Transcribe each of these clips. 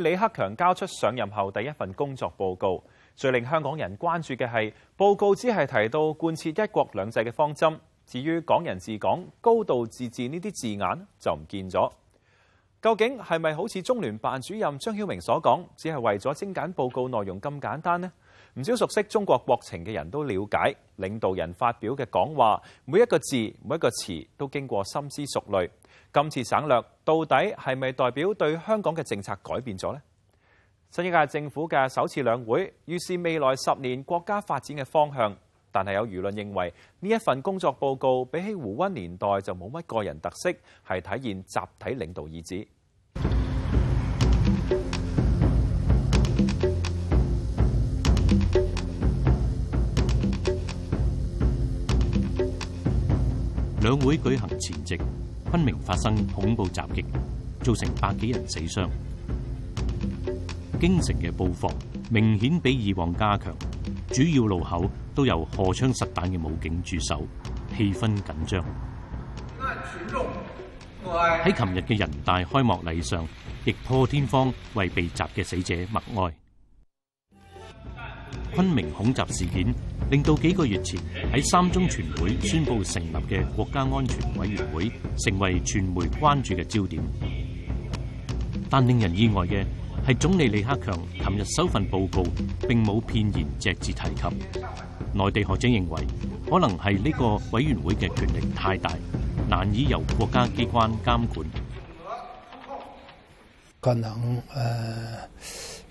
李克強交出上任後第一份工作報告，最令香港人關注嘅係報告只係提到貫徹一國兩制嘅方針，至於港人治港、高度自治呢啲字眼就唔見咗。究竟係咪好似中聯辦主任張曉明所講，只係為咗精簡報告內容咁簡單呢？唔少熟悉中國國情嘅人都了解，領導人發表嘅講話，每一個字、每一個詞都經過深思熟慮，今次省略到底係咪代表對香港嘅政策改變咗咧？新一屆政府嘅首次兩會預示未來十年國家發展嘅方向，但係有輿論認為呢一份工作報告比起胡温年代就冇乜個人特色，係體現集體領導意志。兩會舉行前夕，昆明發生恐怖襲擊，造成百幾人死傷。京城嘅佈防明顯比以往加強，主要路口都由荷槍實彈嘅武警駐守，氣氛緊張。喺琴日嘅人大開幕禮上，亦破天荒為被襲嘅死者默哀。昆明恐襲事件令到幾個月前喺三中全會宣布成立嘅國家安全委員會成為傳媒關注嘅焦點。但令人意外嘅係，總理李克強琴日首份報告，並冇片言隻字提及。內地學者認為，可能係呢個委員會嘅權力太大，難以由國家機關監管。可能誒。呃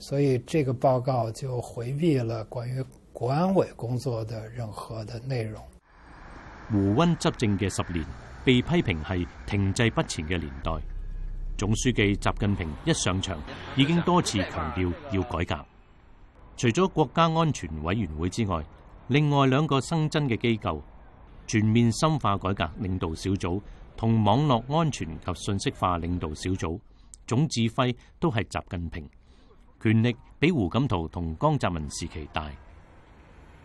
所以，這個報告就迴避了關於國安委工作的任何的內容。胡溫執政嘅十年，被批評係停滯不前嘅年代。總書記習近平一上場，已經多次強調要改革。除咗國家安全委員會之外，另外兩個新增嘅機構，全面深化改革領導小組同網絡安全及信息化領導小組，總指揮都係習近平。權力比胡錦濤同江澤民時期大。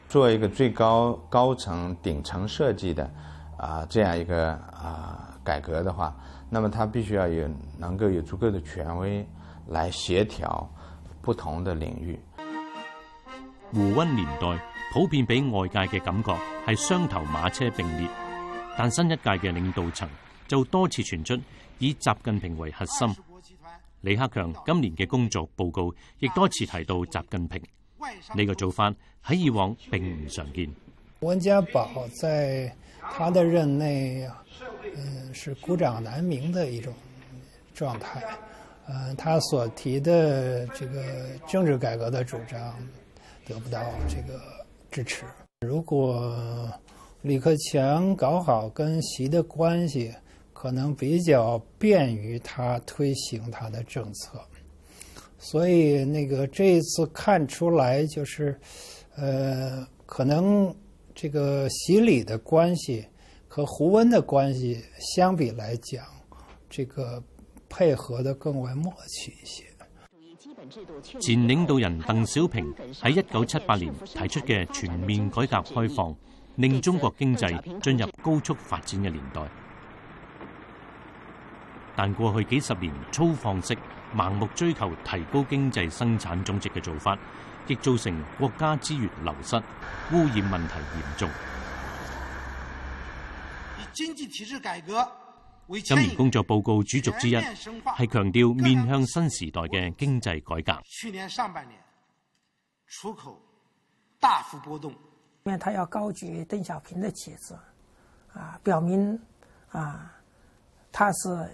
作為一個最高高層頂層設計的啊這樣一個啊改革的話，那麼他必須要有能夠有足夠的權威來協調不同的領域。胡溫年代普遍俾外界嘅感覺係雙頭馬車並列，但新一屆嘅領導層就多次傳出以習近平為核心。李克強今年嘅工作報告亦多次提到習近平，呢個做法喺以往並唔常見。溫家寶在他的任內，嗯，是孤掌難鳴的一種狀態。嗯，他所提的這個政治改革的主張得不到這個支持。如果李克強搞好跟習的關係，可能比較便於他推行他的政策，所以那個這一次看出來就是，呃，可能這個習李的關係和胡温的關係相比來講，這個配合的更為默契一些。前領導人鄧小平喺一九七八年提出嘅全面改革開放，令中國經濟進入高速發展嘅年代。但過去幾十年粗放式、盲目追求提高經濟生產總值嘅做法，亦造成國家資源流失、污染問題嚴重，經濟體制改革為，今年工作報告主軸之一係強調面向新時代嘅經濟改革。去年上半年出口大幅波動。因為佢要高舉鄧小平嘅旗幟，啊，表明啊，他是。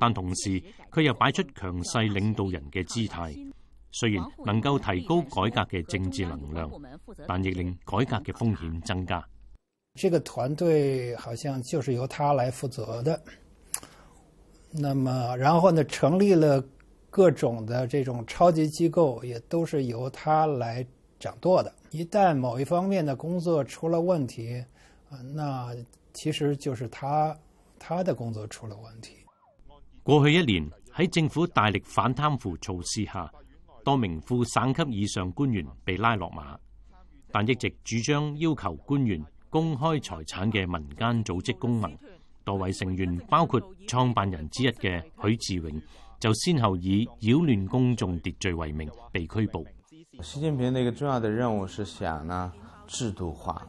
但同時，佢又擺出強勢領導人嘅姿態，雖然能夠提高改革嘅政治能量，但亦令改革嘅風險增加。這個團隊好像就是由他來負責的。那麼，然後呢，成立了各種的這種超級機構，也都是由他來掌舵的。一旦某一方面的工作出了問題，啊，那其實就是他他的工作出了問題。過去一年喺政府大力反貪腐措施下，多名副省級以上官員被拉落馬，但一直主張要求官員公開財產嘅民間組織公盟，多位成員包括創辦人之一嘅許志永，就先後以擾亂公眾秩序為名被拘捕。習近平嘅一個重要的任務是想呢制度化。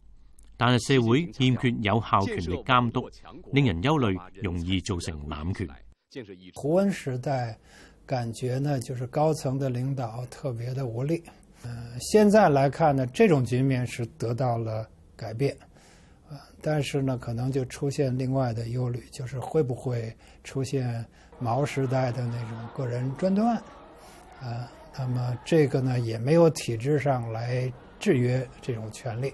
但係社會欠缺有效權力監督，令人憂慮，容易造成濫權。胡溫時代，感覺呢就是高層的領導特別的無力。嗯、呃，現在來看呢，這種局面是得到了改變。呃、但是呢，可能就出現另外的憂慮，就是會不會出現毛時代的那種個人專斷？啊、呃，那麼這個呢，也沒有體制上來制約這種權力。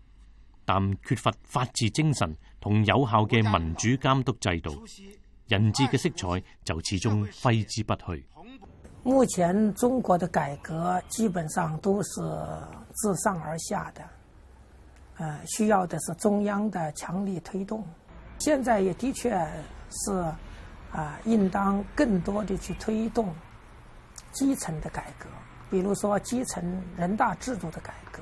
但缺乏法治精神同有效嘅民主監督制度，人治嘅色彩就始終揮之不去。目前中國的改革基本上都是自上而下的，誒，需要的是中央的強力推動。現在也的確是，啊，應當更多地去推動基層的改革，比如說基層人大制度的改革。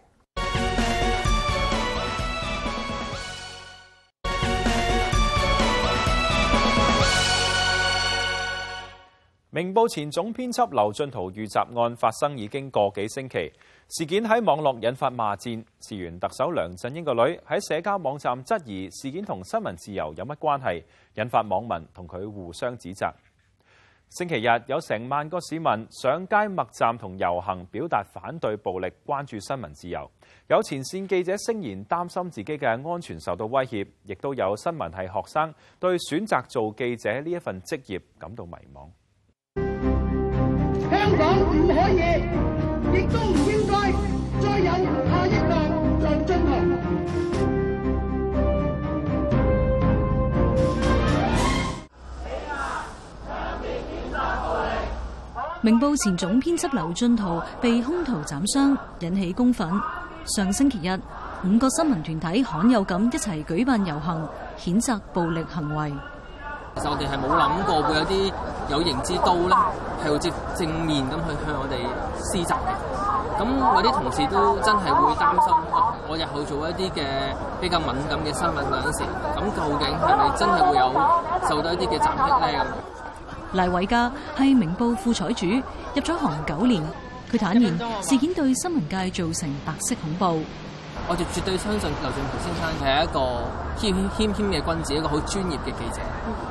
明報前總編輯劉進圖遇襲案發生已經個幾星期，事件喺網絡引發罵戰。事源特首梁振英個女喺社交網站質疑事件同新聞自由有乜關係，引發網民同佢互相指責。星期日有成萬個市民上街默站同遊行，表達反對暴力、關注新聞自由。有前線記者聲言擔心自己嘅安全受到威脅，亦都有新聞系學生對選擇做記者呢一份職業感到迷茫。明報前總編輯劉進圖被凶徒斬傷，引起公憤。上星期日，五個新聞團體罕有咁一齊舉辦遊行，譴責暴力行為。其實我哋係冇諗過會有啲有形之刀咧，係好似正面咁去向我哋施襲嘅。咁我啲同事都真係會擔心，我日後做一啲嘅比較敏感嘅新聞嗰陣時，咁究竟係咪真係會有受到一啲嘅襲擊咧？黎偉家係明報副採主，入咗行九年，佢坦言事件對新聞界造成白色恐怖。我哋絕對相信劉進圖先生係一個謙謙謙嘅君子，一個好專業嘅記者。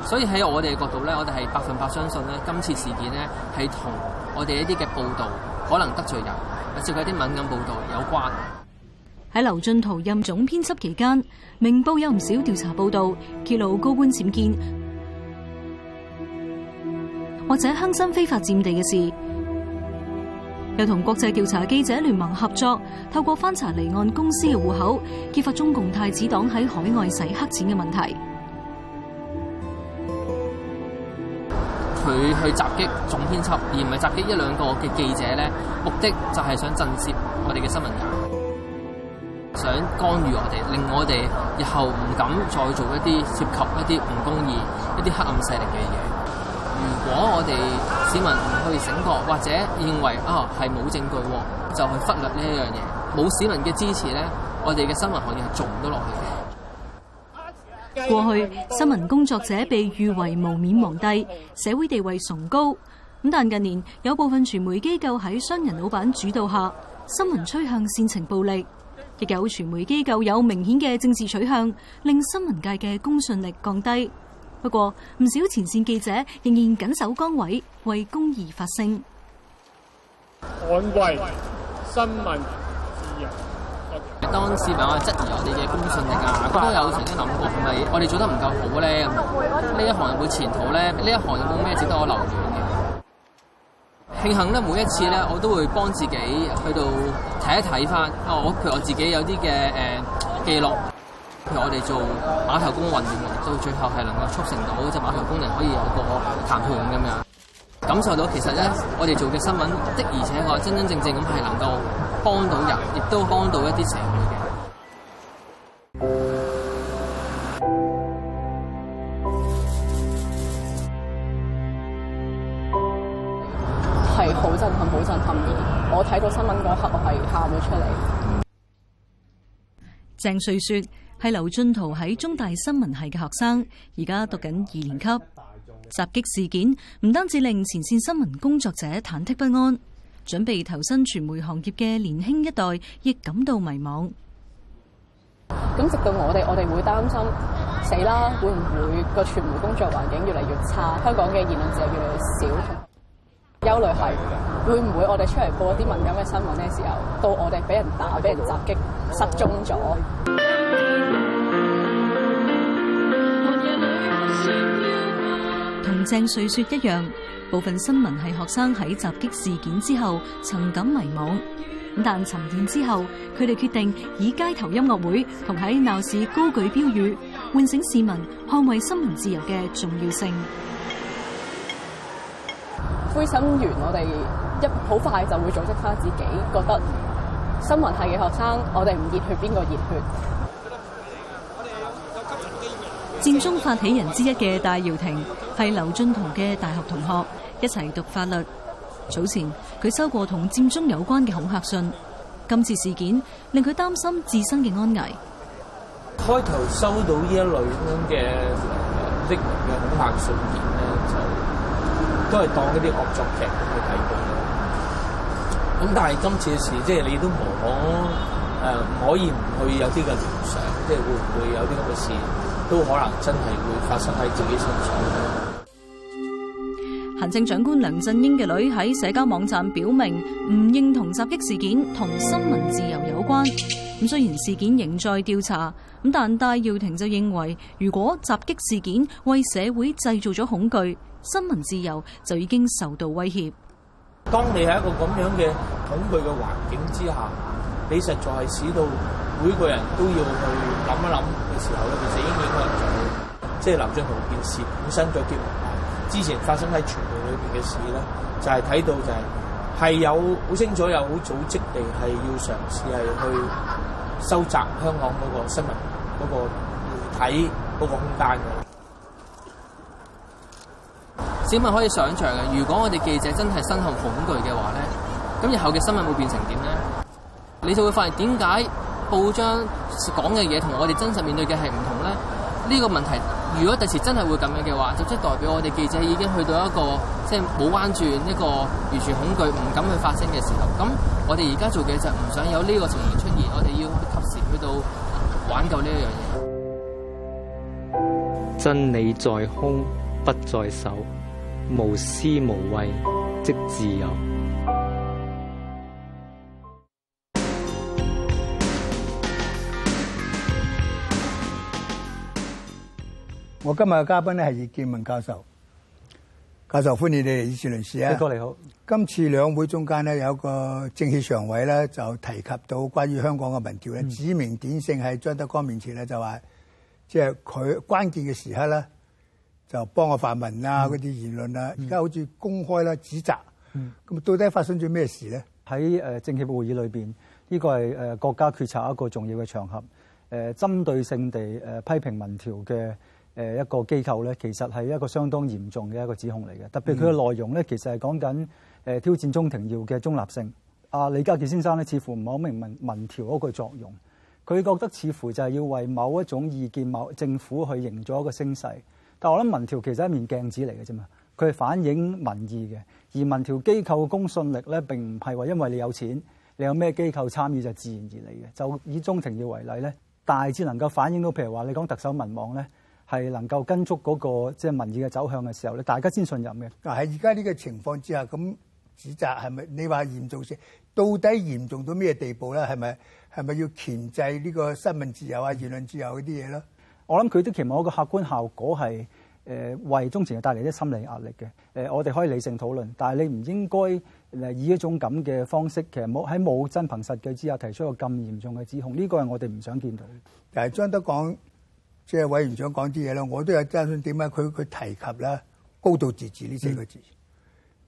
所以喺我哋嘅角度咧，我哋係百分百相信咧，今次事件咧係同我哋一啲嘅報導可能得罪人，或者佢一啲敏感報導有關。喺劉進圖任總編輯期間，明報有唔少調查報導揭露高官僭建或者鄉紳非法佔地嘅事。又同國際調查記者聯盟合作，透過翻查離岸公司嘅戶口，揭發中共太子黨喺海外洗黑錢嘅問題。佢去襲擊總編輯，而唔係襲擊一兩個嘅記者咧，目的就係想震懾我哋嘅新聞人，想干預我哋，令我哋日後唔敢再做一啲涉及一啲唔公義、一啲黑暗勢力嘅嘢。如果我哋市民唔去醒覺，或者認為哦係冇證據，就去忽略呢一樣嘢。冇市民嘅支持呢，我哋嘅新聞行業係做唔到落去。過去新聞工作者被譽為無冕皇帝，社會地位崇高。咁但近年有部分傳媒機構喺商人老闆主導下，新聞趨向煽情暴力，亦有傳媒機構有明顯嘅政治取向，令新聞界嘅公信力降低。不過唔少前線記者仍然緊守崗位，為公義發聲。捍衛新聞。當市民話質疑我哋嘅公信力啊，都有曾經諗過，係咪我哋做得唔夠好咧？呢一行有冇前途咧？呢一行有冇咩值得我留戀嘅？慶幸咧，每一次咧，我都會幫自己去到睇一睇返啊！我佢我自己有啲嘅誒記錄。譬如我哋做碼頭工運員，到最後係能夠促成到即係碼頭工人可以有個談判咁樣，感受到其實咧，我哋做嘅新聞的而且確真真正正咁係能夠幫到人，亦都幫到一啲社會嘅，係好震撼，好震撼嘅。我睇到新聞嗰刻我係喊咗出嚟。鄭瑞雪。係劉進圖喺中大新聞系嘅學生，而家讀緊二年級。襲擊事件唔單止令前線新聞工作者忐忑不安，準備投身傳媒行業嘅年輕一代亦感到迷茫。咁直到我哋，我哋會擔心死啦，會唔會個傳媒工作環境越嚟越差？香港嘅言論就越嚟越少，憂慮係會唔會我哋出嚟播啲敏感嘅新聞嘅時候，到我哋俾人打、俾人襲擊、失蹤咗？同鄭瑞雪一樣，部分新聞系學生喺襲擊事件之後，曾感迷惘。但沉澱之後，佢哋決定以街頭音樂會同喺鬧市高舉標語，喚醒市民捍衛新聞自由嘅重要性。灰心完，我哋一好快就會組織翻自己，覺得新聞系嘅學生，我哋唔熱血，邊個熱血？佔中發起人之一嘅戴耀廷係劉進圖嘅大學同學，一齊讀法律。早前佢收過同佔中有關嘅恐吓信，今次事件令佢擔心自身嘅安危。開頭收到呢一類咁樣嘅匿名嘅恐吓信件咧，就都係當一啲惡作劇咁去睇過。咁但係今次嘅事，即係你都冇可誒，唔、呃、可以唔去有啲嘅聯想，即係會唔會有啲咁嘅事？都可能真係會發生喺自己身上。行政長官梁振英嘅女喺社交網站表明，唔認同襲擊事件同新聞自由有關。咁雖然事件仍在調查，咁但戴耀廷就認為，如果襲擊事件為社會製造咗恐懼，新聞自由就已經受到威脅。當你喺一個咁樣嘅恐懼嘅環境之下，你實在係使到每個人都要去諗一諗嘅時候咧，其實應。即係劉俊豪件事本身嘅結之前發生喺傳媒裏邊嘅事咧，就係、是、睇到就係、是、係有好清楚有好組織地係要嘗試係去收集香港嗰個新聞嗰、那個媒體嗰、那個空間嘅。新聞可以想像嘅，如果我哋記者真係身陷恐懼嘅話咧，咁日後嘅新聞會變成點咧？你就會發現點解報章講嘅嘢同我哋真實面對嘅係唔同咧？呢、這個問題。如果第時真係會咁樣嘅話，就即代表我哋記者已經去到一個即係冇彎轉一個完全恐懼唔敢去發聲嘅時候。咁我哋而家做嘅就唔想有呢個情形出現，我哋要及時去到挽救呢一樣嘢。真理在胸不在手，無私無畏即自由。我今日嘅嘉賓咧係葉健民教授，教授，教授歡迎你嚟議事論事啊！飛哥你好，今次兩會中間咧有一個政協常委咧就提及到關於香港嘅民調咧、嗯、指名點姓喺張德江面前咧就話，即係佢關鍵嘅時刻咧就幫我發文啊嗰啲言論啊，而家好似公開啦指責，咁、嗯、到底發生咗咩事咧？喺誒政協會議裏邊，呢、這個係誒國家決策一個重要嘅場合，誒針對性地誒批評民調嘅。誒一個機構咧，其實係一個相當嚴重嘅一個指控嚟嘅。特別佢嘅內容咧，其實係講緊誒挑戰鍾庭耀嘅中立性。阿李家傑先生咧，似乎唔係好明民民調嗰個作用。佢覺得似乎就係要為某一種意見、某政府去營造一個聲勢。但我諗民調其實係一面鏡子嚟嘅啫嘛，佢係反映民意嘅。而民調機構嘅公信力咧，並唔係話因為你有錢，你有咩機構參與就是自然而嚟嘅。就以鍾庭耀為例咧，大致能夠反映到，譬如話你講特首民望咧。係能夠跟足嗰個即係民意嘅走向嘅時候咧，大家先信任嘅。嗱、啊，喺而家呢個情況之下，咁指責係咪你話嚴重性？到底嚴重到咩地步咧？係咪係咪要鉗制呢個新聞自由啊、言論自由嗰啲嘢咧？我諗佢都期望一個客觀效果係誒、呃，為中前帶嚟啲心理壓力嘅。誒、呃，我哋可以理性討論，但係你唔應該誒以一種咁嘅方式，其實冇喺冇真憑實據之下提出一個咁嚴重嘅指控。呢、這個係我哋唔想見到。但係張德廣。即係委員長講啲嘢咧，我都有爭論點解佢佢提及咧高度自治呢四個字、嗯，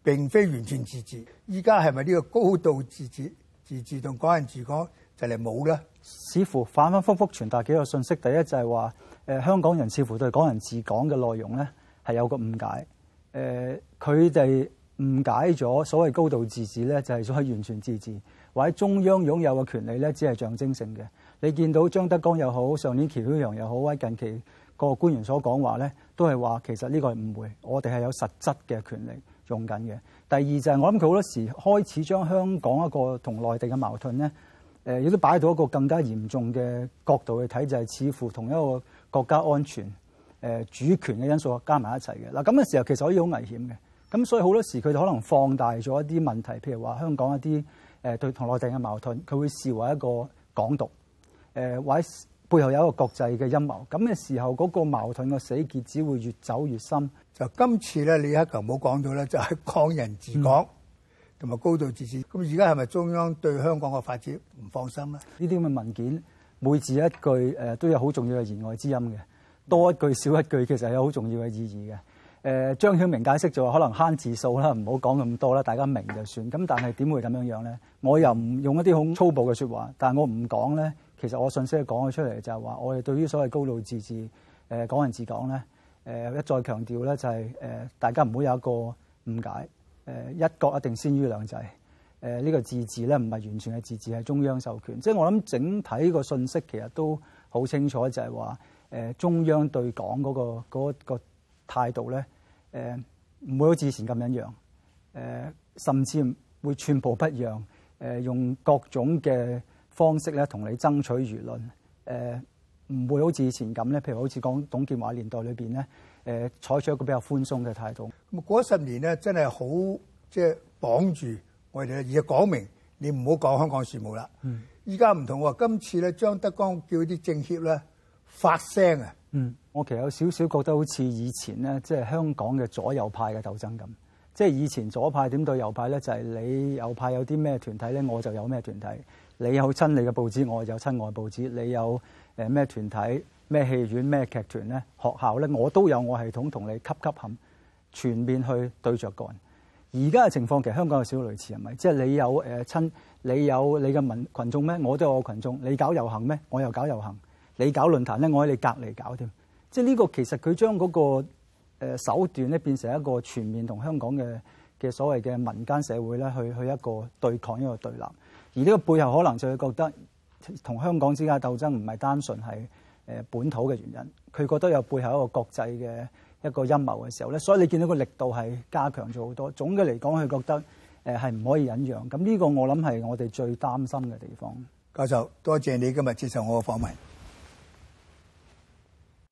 並非完全自治。依家係咪呢個高度自治、自治同港人治港就嚟冇咧？似乎反反覆覆傳達幾個信息。第一就係話，誒、呃、香港人似乎對港人治港嘅內容咧係有個誤解。誒佢哋。誤解咗所謂高度自治咧，就係、是、所謂完全自治，或者中央擁有嘅權力咧，只係象徵性嘅。你見到張德江又好，上年喬曉陽又好，或者近期個官員所講話咧，都係話其實呢個係誤會。我哋係有實質嘅權力用緊嘅。第二就係、是、我諗佢好多時開始將香港一個同內地嘅矛盾咧，誒、呃、亦都擺到一個更加嚴重嘅角度去睇，就係、是、似乎同一個國家安全誒、呃、主權嘅因素加埋一齊嘅。嗱，咁嘅時候其實可以好危險嘅。咁所以好多時佢哋可能放大咗一啲問題，譬如話香港一啲誒對同內地嘅矛盾，佢會視為一個港獨，誒、呃、或者背後有一個國際嘅陰謀。咁嘅時候嗰個矛盾嘅死結只會越走越深。就今次咧，李克強冇講到咧，就係、是、港人治港同埋、嗯、高度自治，治。咁而家係咪中央對香港嘅發展唔放心咧？呢啲咁嘅文件每字一句誒都有好重要嘅言外之音嘅，多一句少一句其實係有好重要嘅意義嘅。誒、呃、張曉明解釋就話可能慳字數啦，唔好講咁多啦，大家明就算。咁但係點會咁樣樣咧？我又唔用一啲好粗暴嘅説話，但我唔講咧。其實我的信息講咗出嚟就係話，我哋對於所謂高度自治，誒、呃、港人治港咧，誒、呃、一再強調咧就係、是、誒、呃、大家唔好有一個誤解，誒、呃、一國一定先於兩制，誒、呃、呢、這個自治咧唔係完全係自治係中央授權。即、就、係、是、我諗整體個信息其實都好清楚就是說，就係話誒中央對港嗰個嗰個，那個態度咧，誒唔會好似以前咁一樣，誒甚至會寸步不讓，誒用各種嘅方式咧同你爭取輿論，誒唔會好似以前咁咧，譬如好似講董建華年代裏邊咧，誒採取一個比較寬鬆嘅態度。嗰十年咧真係好，即係綁住我哋。而家講明你唔好講香港事務啦。嗯。依家唔同喎，今次咧張德江叫啲政協咧發聲啊。嗯。我其實有少少覺得好似以前呢，即係香港嘅左右派嘅鬥爭咁。即係以前左派點對右派呢？就係你右派有啲咩團體呢？我就有咩團體；你有親你嘅報紙，我就有親外報紙。你有咩、呃、團體、咩戲院、咩劇團呢？學校呢，我都有我系統同你吸吸冚全面去對著幹。而家嘅情況其實香港有少少類似，係咪？即係你有、呃、親，你有你嘅民群眾咩？我都有我群眾。你搞遊行咩？我又搞遊行。你搞論壇呢，我喺你隔離搞添。即係呢個其實佢將嗰個誒手段咧，變成一個全面同香港嘅嘅所謂嘅民間社會咧去去一個對抗一個對立，而呢個背後可能就會覺得同香港之間鬥爭唔係單純係誒本土嘅原因，佢覺得有背後一個國際嘅一個陰謀嘅時候咧，所以你見到個力度係加強咗好多。總嘅嚟講，佢覺得誒係唔可以忍讓，咁呢個我諗係我哋最擔心嘅地方。教授，多謝你今日接受我嘅訪問。